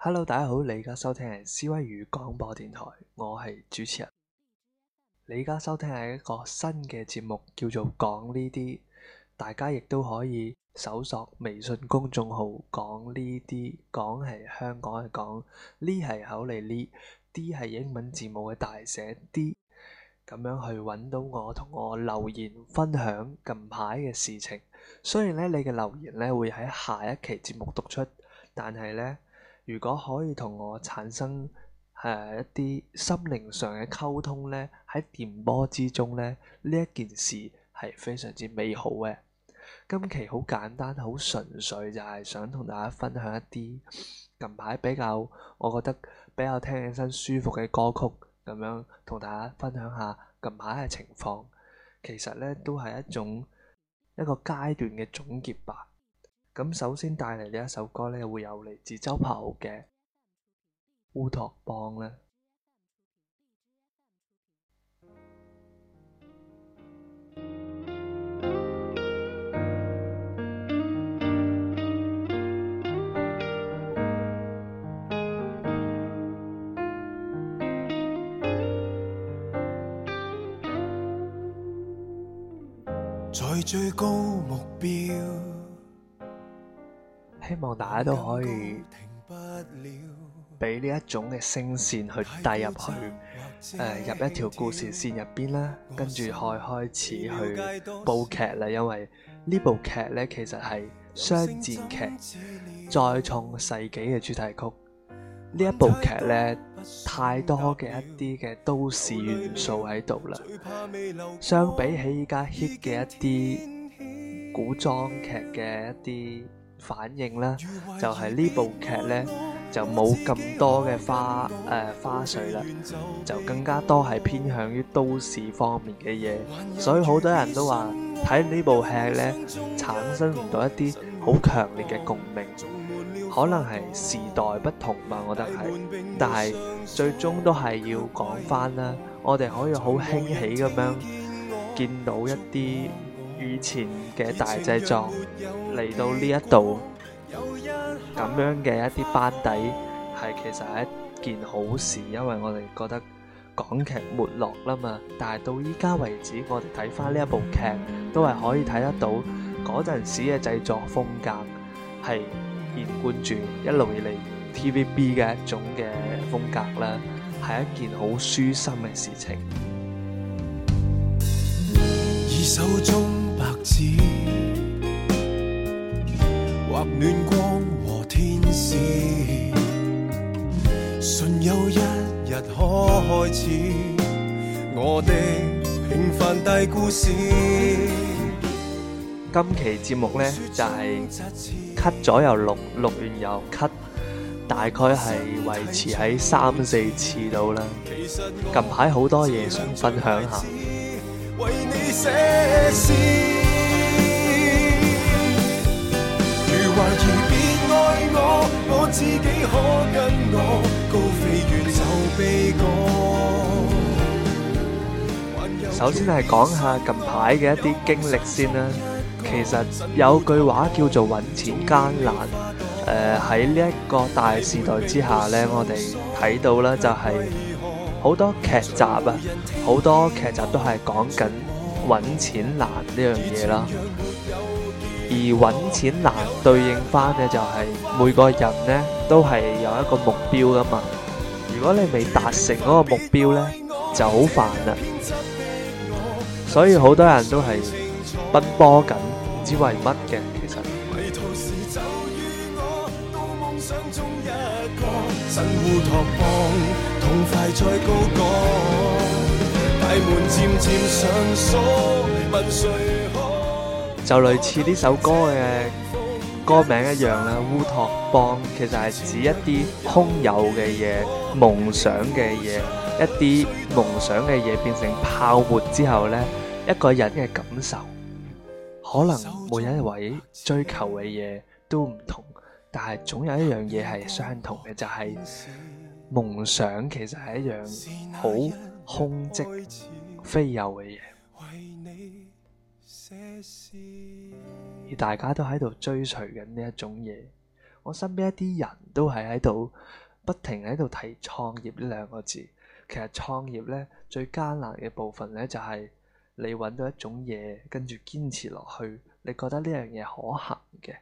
Hello，大家好，你而家收聽係思威語廣播電台，我係主持人。你而家收聽係一個新嘅節目，叫做講呢啲。大家亦都可以搜索微信公眾號講呢啲，講係香港嘅講呢係口嚟，呢啲係英文字母嘅大寫 D，咁樣去揾到我，同我留言分享近排嘅事情。雖然呢，你嘅留言呢會喺下一期節目讀出，但係呢。如果可以同我產生一啲心靈上嘅溝通，呢喺電波之中呢，呢一件事係非常之美好嘅。今期好簡單、好純粹，就係想同大家分享一啲近排比較，我覺得比較聽起身舒服嘅歌曲，咁樣同大家分享下近排嘅情況。其實呢，都係一種一個階段嘅總結吧。咁首先帶嚟呢一首歌咧，會有嚟自周柏豪嘅《烏托邦》咧，在最高目標。希望大家都可以俾呢一種嘅聲線去帶入去，誒、呃、入一條故事線入邊啦。跟住可以開始去煲劇啦。因為呢部劇咧，其實係商戰劇，再創世紀嘅主題曲。呢一部劇咧，太多嘅一啲嘅都市元素喺度啦。相比起依家 hit 嘅一啲古裝劇嘅一啲。反應咧，就係、是、呢部劇咧就冇咁多嘅花誒、呃、花絮啦，就更加多係偏向於都市方面嘅嘢，所以好多人都話睇呢部劇咧產生唔到一啲好強烈嘅共鳴，可能係時代不同吧，我覺得係，但係最終都係要講返啦，我哋可以好興起咁樣見到一啲。以前嘅大製作嚟到呢 一度咁樣嘅一啲班底，係 其實係一件好事，因為我哋覺得港劇沒落啦嘛。但係到依家為止，我哋睇翻呢一部劇，都係可以睇得到嗰陣時嘅製作風格係連貫住一路以嚟 TVB 嘅一種嘅風格啦，係一件好舒心嘅事情。二手中白紙暖光和天使，信有一日可開始我的平凡大故事。今期節目呢，就係咳 u t 咗又錄，錄完又 c UT, 大概係維持喺三四次度啦。近排好多嘢想分享下。首先係講下近排嘅一啲經歷先啦。其實有句話叫做揾錢艱難。誒，喺呢一個大時代之下呢，我哋睇到咧就係好多劇集啊，好多劇集都係講緊揾錢難呢樣嘢啦。這個而揾錢難對應翻嘅就係每個人呢都係有一個目標㗎嘛，如果你未達成嗰個目標呢，就好煩啦，所以好多人都係奔波緊，唔知為乜嘅其實。 就類似呢首歌。而大家都喺度追隨緊呢一種嘢，我身邊一啲人都係喺度不停喺度提創業呢兩個字。其實創業咧最艱難嘅部分咧就係你揾到一種嘢跟住堅持落去，你覺得呢樣嘢可行嘅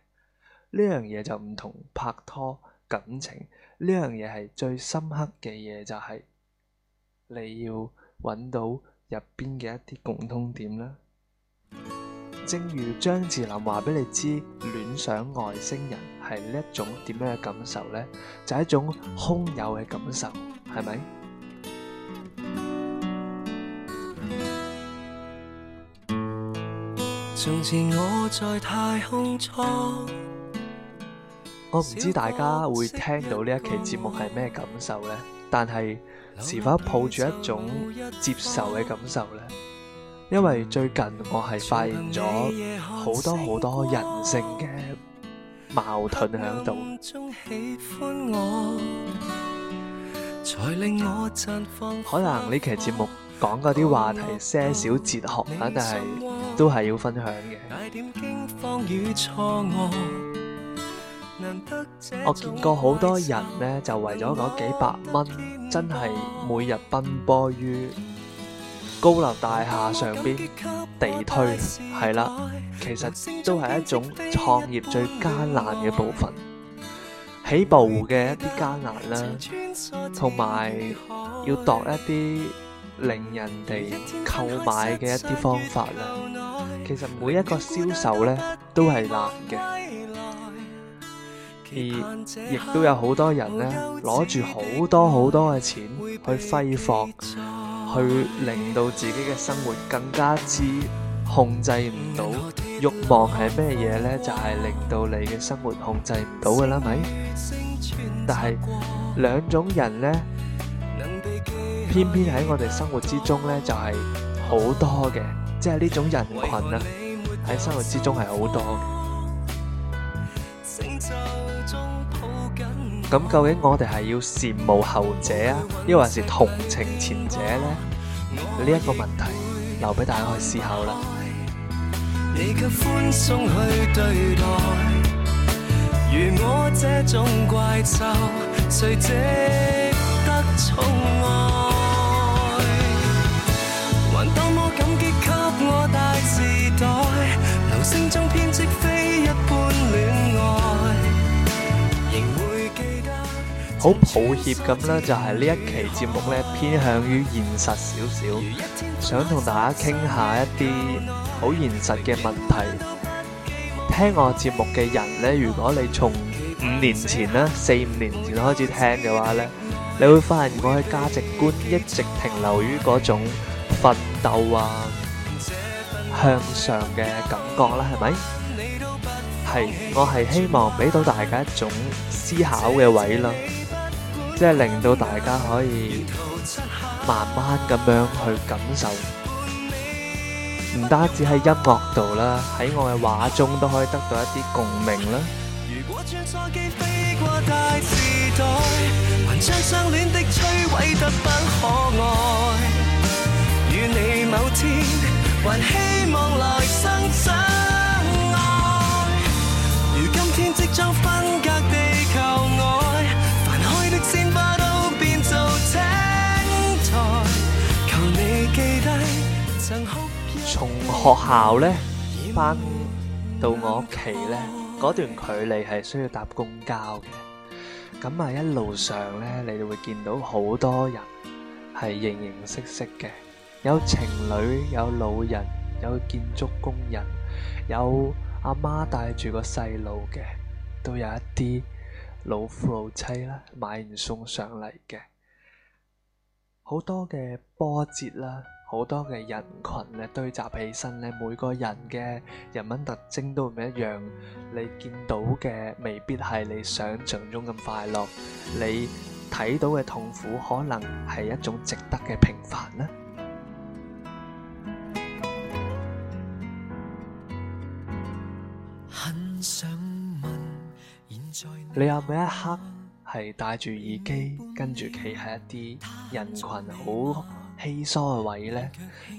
呢樣嘢就唔同拍拖感情呢樣嘢係最深刻嘅嘢就係你要揾到入邊嘅一啲共通點啦。正如張智霖話俾你知，戀上外星人係呢一種點樣嘅感受呢？就係一種空有嘅感受，係咪？從前我在太空艙，我唔知大家會聽到呢一期節目係咩感受呢？但係是否抱住一種接受嘅感受呢？因為最近我係發現咗好多好多人性嘅矛盾喺度。 可能呢期節目講嗰啲話題些少哲學啊，但係都係要分享嘅。 我見過好多人呢，就為咗嗰幾百蚊，真係每日奔波於。高樓大廈上邊地推係啦，其實都係一種創業最艱難嘅部分，起步嘅一啲艱難啦，同埋要度一啲令人哋購買嘅一啲方法啦。其實每一個銷售呢都係難嘅，而亦都有好多人呢，攞住好多好多嘅錢去揮霍。去令到自己嘅生活更加之控制唔到，欲望係咩嘢咧？就係令到你嘅生活控制唔到噶啦，咪？但係兩種人咧，偏偏喺我哋生活之中咧，就係好多嘅，即係呢種人群啊，喺生活之中係好多。咁究竟我哋係要羨慕後者呀，抑或係同情前者呢？呢一個問題留俾大家去思考啦。好抱歉咁咧，就係呢一期節目咧，偏向於現實少少，想同大家傾下一啲好現實嘅問題。聽我節目嘅人咧，如果你從五年前啦，四五年前開始聽嘅話咧，你會發現我嘅價值觀一直停留於嗰種奮鬥啊向上嘅感覺啦，係咪？係，我係希望俾到大家一種思考嘅位啦。即係令到大家可以慢慢咁樣去感受，唔單止喺音樂度啦，喺我嘅畫中都可以得到一啲共鳴啦。從學校呢，翻到我屋企呢，嗰段距離係需要搭公交嘅。咁啊，一路上呢，你哋會見到好多人係形形色色嘅。有情侶，有老人，有建築工人，有阿媽帶住個細路嘅，都有一啲老夫老妻啦，買完送上嚟嘅。好多嘅波折啦。好多嘅人群咧，堆集起身咧，每個人嘅人文特徵都唔一樣。你見到嘅未必係你想象中咁快樂，你睇到嘅痛苦可能係一種值得嘅平凡啦。很想問，現在你有冇一刻係戴住耳機，跟住企喺一啲人群好？西裝嘅位咧，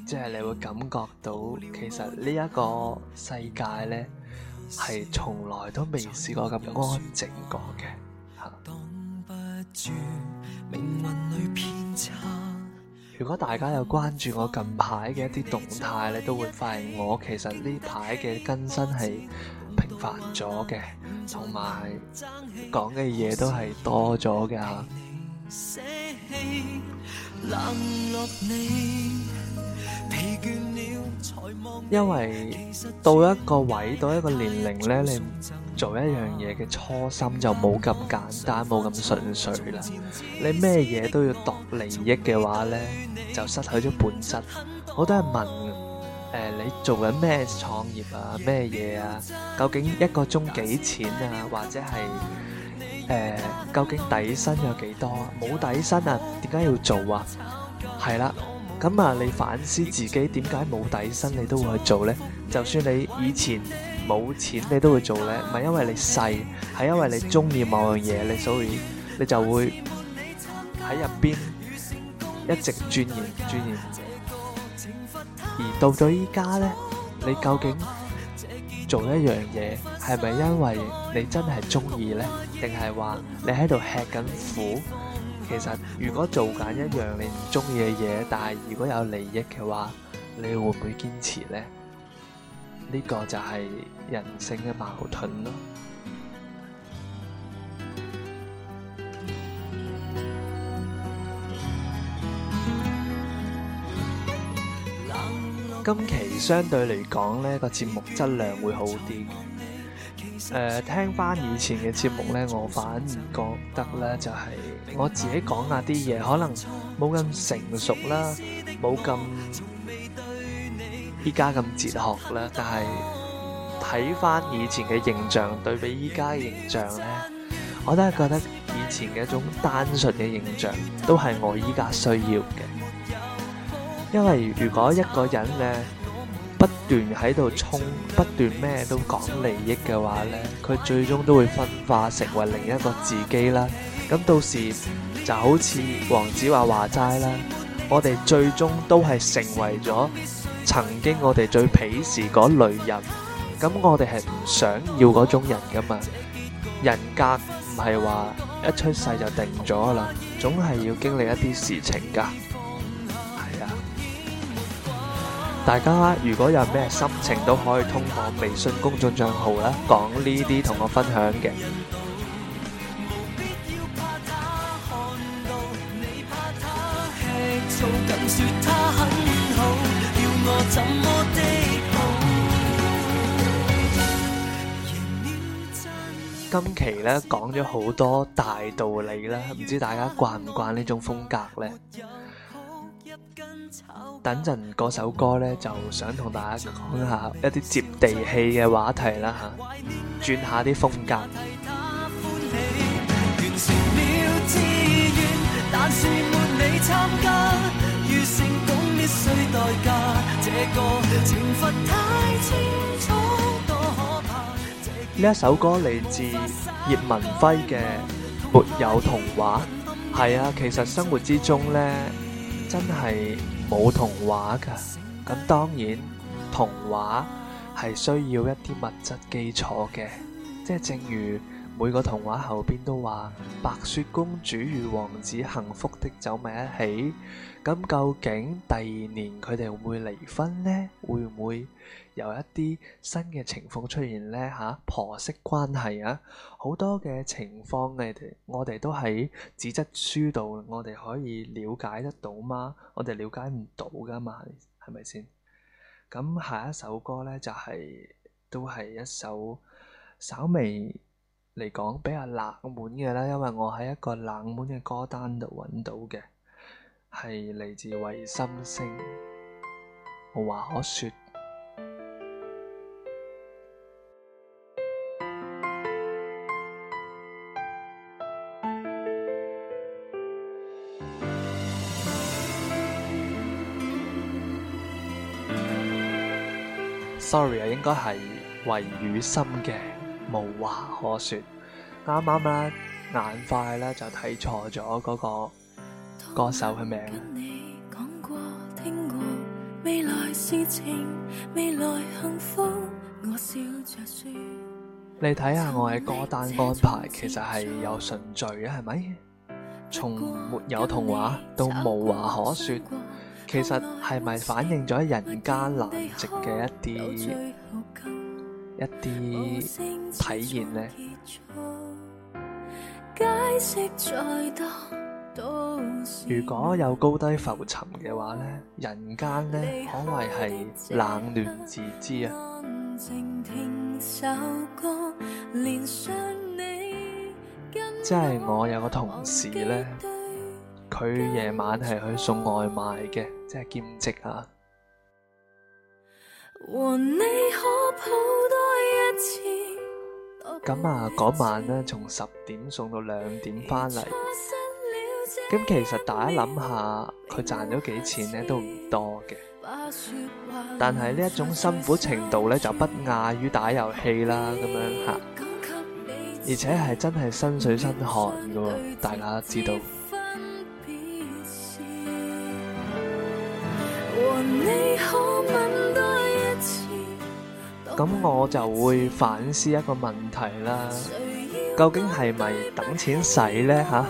即係你會感覺到，其實呢一個世界咧，係從來都未試過咁安靜過嘅。吓、啊，嗯，如果大家有關注我近排嘅一啲動態咧，你都會發現我其實呢排嘅更新係頻繁咗嘅，同埋講嘅嘢都係多咗噶啊因為到一個位，到一個年齡呢，你做一樣嘢嘅初心就冇咁簡單，冇咁純粹啦。你咩嘢都要度利益嘅話呢，就失去咗本質。好多人問，誒，你做緊咩創業啊？咩嘢啊？究竟一個鐘幾錢啊？或者係？誒、呃，究竟底薪有幾多？冇底薪啊？點解要做啊？係啦，咁啊，你反思自己點解冇底薪你都會去做咧？就算你以前冇錢你都會做咧，唔係因為你細，係因為你中意某樣嘢，你所以你就會喺入邊一直鑽研鑽研。而到咗依家咧，你究竟做一樣嘢？係咪因為你真係中意呢，定係話你喺度吃緊苦？其實如果做緊一樣你唔中意嘅嘢，但係如果有利益嘅話，你會唔會堅持呢？呢個就係人性嘅矛盾咯。今期相對嚟講呢，個節目質量會好啲。誒、呃，聽翻以前嘅節目咧，我反而覺得咧，就係、是、我自己講下啲嘢，可能冇咁成熟啦，冇咁依家咁哲學啦，但係睇翻以前嘅形象對比依家嘅形象咧，我都係覺得以前嘅一種單純嘅形象，都係我依家需要嘅，因為如果一個人咧，不斷喺度衝，不斷咩都講利益嘅話呢，佢最終都會分化成為另一個自己啦。咁到時就好似黃子華話齋啦，我哋最終都係成為咗曾經我哋最鄙視嗰類人。咁我哋係唔想要嗰種人噶嘛？人格唔係話一出世就定咗啦，總係要經歷一啲事情㗎。大家如果有咩心情都可以通過微信公眾賬號啦，講呢啲同我分享嘅。 今期咧講咗好多大道理啦，唔知大家慣唔慣呢種風格咧？等陣嗰首歌呢，就想同大家講下一啲接地氣嘅話題啦吓，轉下啲風格。呢一首歌嚟自葉文輝嘅《沒有童話》，係啊，其實生活之中呢。真係冇童話㗎，咁當然童話係需要一啲物質基礎嘅，即係正如。每個童話後邊都話白雪公主與王子幸福的走埋一起。咁究竟第二年佢哋會唔會離婚呢？會唔會有一啲新嘅情況出現呢？吓、啊，婆媳關係啊，好多嘅情況，你哋我哋都喺紙質書度，我哋可以瞭解得到嗎？我哋瞭解唔到噶嘛？係咪先？咁下一首歌呢，就係、是、都係一首稍微。嚟講比較冷門嘅啦，因為我喺一個冷門嘅歌單度揾到嘅，係嚟自魏心聲，無話可説。Sorry 啊，應該係魏雨心嘅。無話可說，啱啱呢，眼快呢，就睇錯咗嗰個歌手嘅名。你睇下我嘅歌單安排，其實係有順序嘅，係咪？從沒有童話到無話可說，其實係咪反映咗人間難值嘅一啲一啲？體驗呢，如果有高低浮沉嘅話呢，人間呢，可謂係冷暖自知啊。 即係我有個同事呢，佢夜晚係去送外賣嘅，即係兼職啊。 咁啊，嗰晚呢，從十點送到兩點翻嚟，咁其實大家諗下，佢賺咗幾錢呢都唔多嘅，但係呢一種辛苦程度呢，就不亞於打遊戲啦，咁樣吓，而且係真係身水身汗噶，大家知道。 咁我就會反思一個問題啦，究竟係咪等錢使呢吓？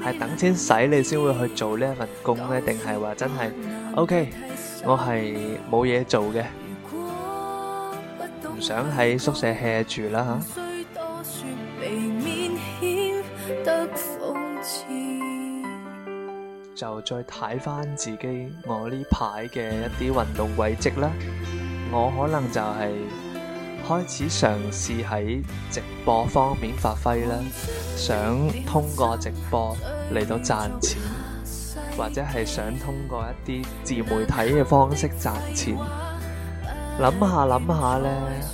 係等錢使你先會去做呢一份工呢，定係話真係？OK，我係冇嘢做嘅，唔想喺宿舍 hea 住啦吓。就再睇翻自己我呢排嘅一啲運動軌跡啦。我可能就係開始嘗試喺直播方面發揮啦，想通過直播嚟到賺錢，或者係想通過一啲自媒體嘅方式賺錢。諗下諗下呢，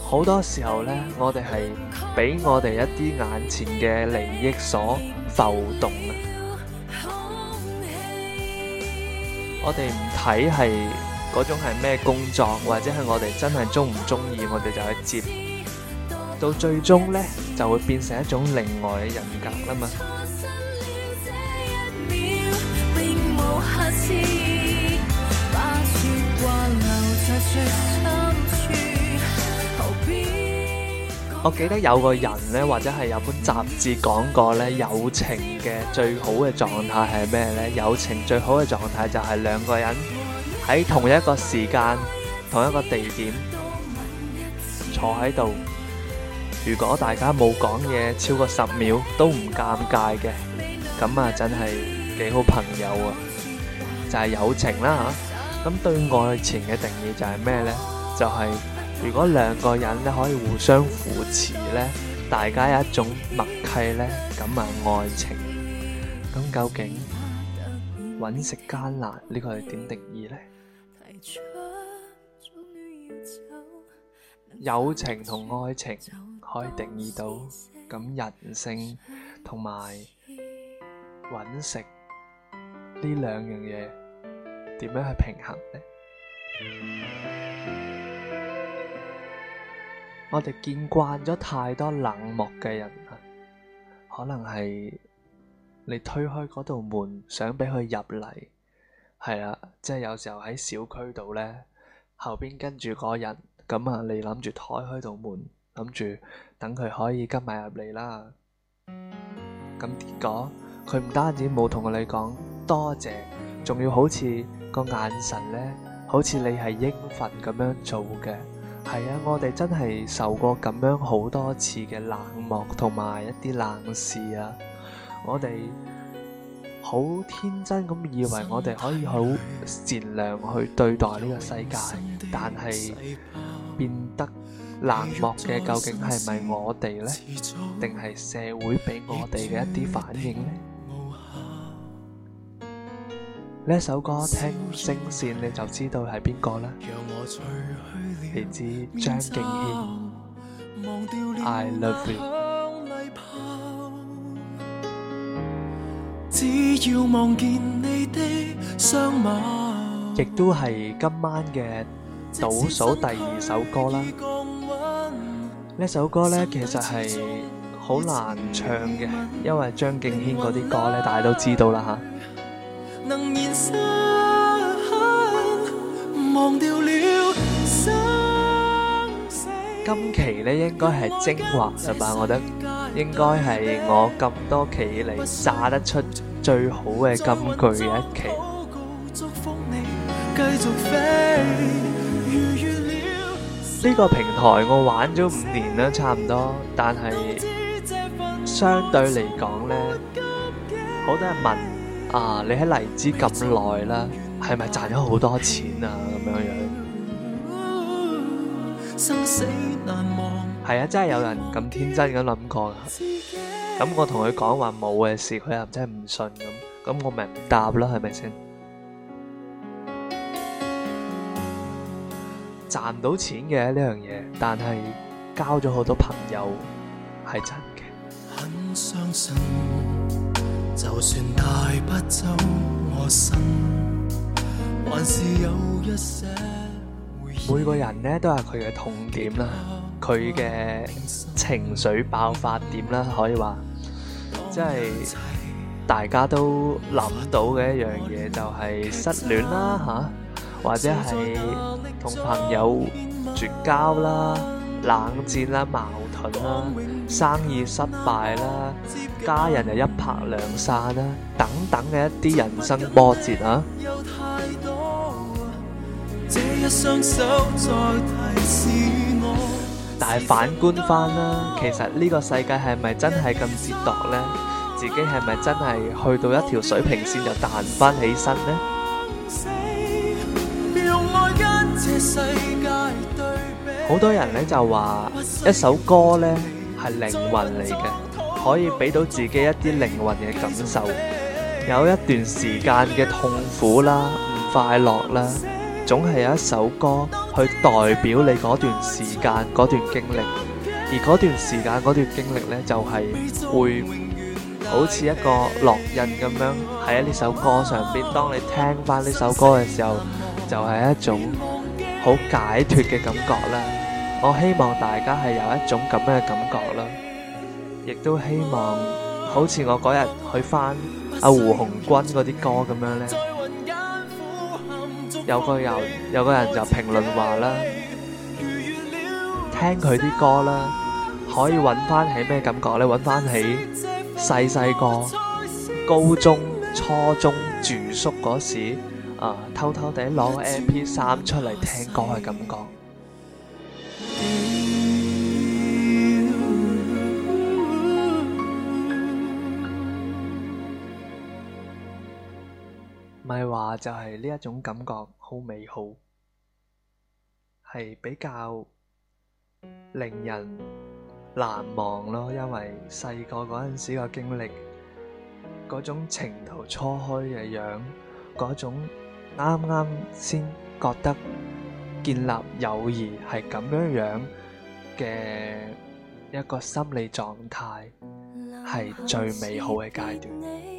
好多時候呢，我哋係俾我哋一啲眼前嘅利益所浮動啊！我哋唔睇係。嗰種係咩工作，或者係我哋真係鍾唔鍾意，我哋就去接。到最終呢，就會變成一種另外嘅人格啦嘛。 我記得有個人呢，或者係有本雜誌講過呢，友情嘅最好嘅狀態係咩呢？友情最好嘅狀態就係兩個人，喺同一個時間同一個地點坐喺度，如果大家冇講嘢超過十秒都唔尷尬嘅，咁啊真係幾好朋友啊！就係、是、友情啦吓。咁對愛情嘅定義就係咩咧？就係、是、如果兩個人咧可以互相扶持咧，大家有一種默契咧，咁啊愛情。咁究竟揾食艱難呢、這個係點定義咧？友情同愛情可以定義到，咁 人性同埋揾食呢兩樣嘢，點樣去平衡呢？ 我哋見慣咗太多冷漠嘅人啊，可能係你推開嗰道門想，想俾佢入嚟。係 啊，即係有時候喺小區度呢，後邊跟住嗰人，咁、嗯、啊，你諗住抬開道門，諗住等佢可以跟埋入嚟啦。咁結果佢唔單止冇同我哋講多謝，仲要好似個眼神呢，好似你係應份咁樣做嘅。係啊，我哋真係受過咁樣好多次嘅冷漠同埋一啲冷視啊，我哋。好天真咁以為我哋可以好善良去對待呢個世界，但係變得冷漠嘅究竟係咪我哋呢？定係社會畀我哋嘅一啲反應呢？呢一首歌聽聲線你就知道係邊個啦，嚟自張敬軒。I love you。亦都係今晚嘅倒數第二首歌啦。呢一首歌咧，其實係好難唱嘅，因為張敬軒嗰啲歌咧，大家都知道啦吓。能延生，忘掉了生死。今期咧應該係精華啦吧？我覺得應該係我咁多期嚟炸得出。最好嘅金句嘅一期 trilogy, channel。呢個平台我玩咗五年啦，差唔多。但係相對嚟講咧，好多人問啊，你喺荔枝咁耐啦，係咪賺咗好多錢啊？咁樣樣。係啊，真係有人咁天真咁諗過。咁我同佢講話冇嘅事，佢又真係唔信咁，咁我咪唔答咯，係咪先？賺到錢嘅呢樣嘢，但係交咗好多朋友係真嘅。就算不我是有一些， 每個人呢，都係佢嘅痛點啦。佢嘅情緒爆發點啦，可以話，即係大家都諗到嘅一樣嘢，就係失戀啦嚇，或者係同朋友絕交啦、冷戰啦、矛盾啦、生意失敗啦、家人又一拍兩散啦，等等嘅一啲人生波折啊！但係反觀翻啦，其實呢個世界係咪真係咁折墮呢？自己係咪真係去到一條水平線就彈翻起身呢？好 多人咧就話一首歌咧係靈魂嚟嘅，可以俾到自己一啲靈魂嘅感受，有一段時間嘅痛苦啦、唔快樂啦。總係有一首歌去代表你嗰段時間嗰段經歷，而嗰段時間嗰段經歷咧就係會好似一個烙印咁樣喺呢首歌上邊。當你聽翻呢首歌嘅時候，就係一種好解脫嘅感覺啦。我希望大家係有一種咁樣嘅感覺啦，亦都希望好似我嗰日去翻阿胡鴻鈞嗰啲歌咁樣咧。有個人，有個人就評論話啦，聽佢啲歌啦，可以揾翻起咩感覺咧？揾翻起細細個、高中、初中住宿嗰時啊，偷偷地攞個 MP3 出嚟聽歌嘅感覺。係話就係呢一種感覺好美好，係比較令人難忘咯。因為細個嗰陣時嘅經歷，嗰種情竇初開嘅樣，嗰種啱啱先覺得建立友誼係咁樣樣嘅一個心理狀態，係最美好嘅階段。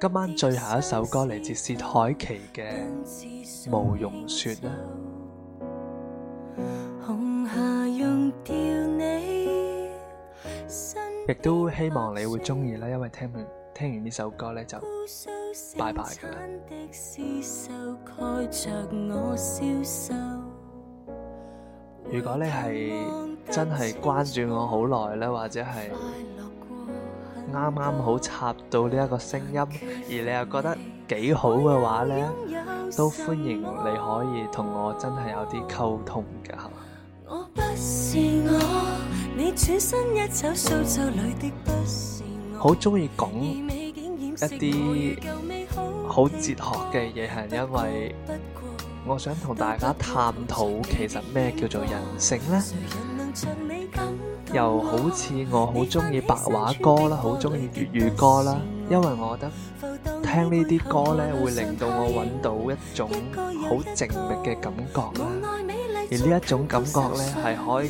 今晚最後一首歌嚟自薛凱琪嘅《慕容雪》啦，亦都希望你會鍾意啦，因為聽完聽完呢首歌呢就拜拜噶啦。如果你係真係關注我好耐咧，或者係啱啱好插到呢一個聲音，而你又覺得幾好嘅話咧，都歡迎你可以同我真係有啲溝通㗎，好。好中意講一啲好哲學嘅嘢，係因為我想同大家探討，其實咩叫做人性咧？又好似我好中意白話歌啦，好中意粵語歌啦， 因為我覺得聽呢啲歌咧，會令到我揾到一種好靜謐嘅感覺啦。 而呢一種感覺咧，係可以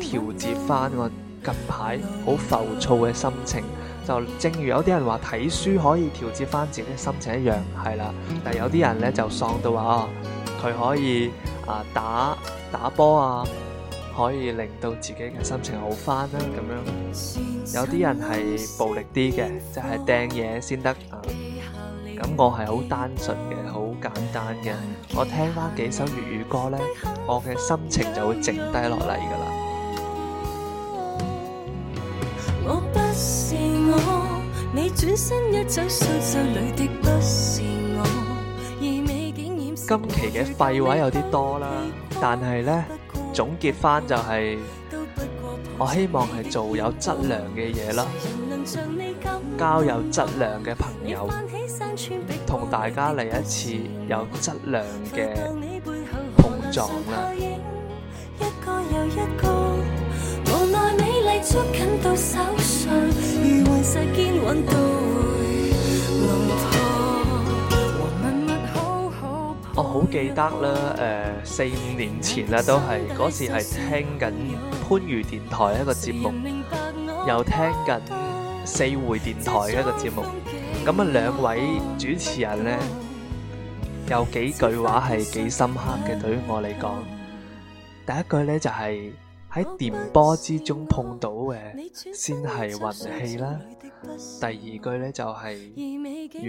去調節翻我近排好浮躁嘅心情。就正如有啲人話睇書可以調節翻自己嘅心情一樣，係啦。但係有啲人咧就喪到話，佢可以啊打打波啊。可以令到自己嘅心情好翻啦，咁樣有啲人係暴力啲嘅，就係掟嘢先得。咁、嗯、我係好單純嘅，好簡單嘅。我聽翻幾首粵語歌咧，我嘅心情就會靜低落嚟㗎啦。 今期嘅廢話有啲多啦，但係咧。總結翻就係、是，我希望係做有質量嘅嘢咯，交有質量嘅朋友，同大家嚟一次有質量嘅碰撞啦。 好記得啦，誒、呃、四五年前啦，都係嗰時係聽緊番禺電台一個節目，又聽緊四會電台一個節目。咁啊，兩位主持人咧，有幾句話係幾深刻嘅，對於我嚟講，第一句咧就係、是。喺電波之中碰到嘅，先係運氣啦。第二句呢，就係、是，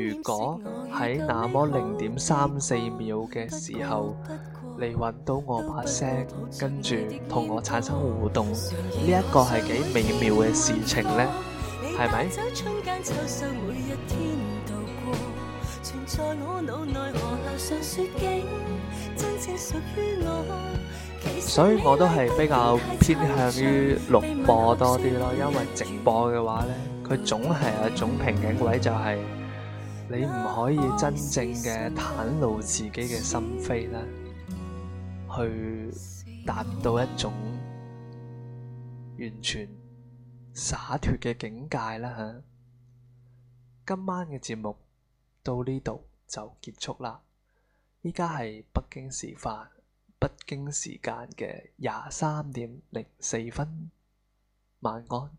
如果喺那麼零點三四秒嘅時候，你搵到我把聲，不不跟住同我產生互動，呢一個係幾美妙嘅事情呢？係咪？所以，我都係比較偏向於錄播多啲咯，因為直播嘅話呢，佢總係有一種瓶頸位，就係，你唔可以真正嘅袒露自己嘅心扉呢，去，達到一種，完全，灑脫嘅境界呢，吓。今晚嘅節目，到呢度，就結束啦。依家係北京時分。北京時間嘅廿三點零四分，晚安。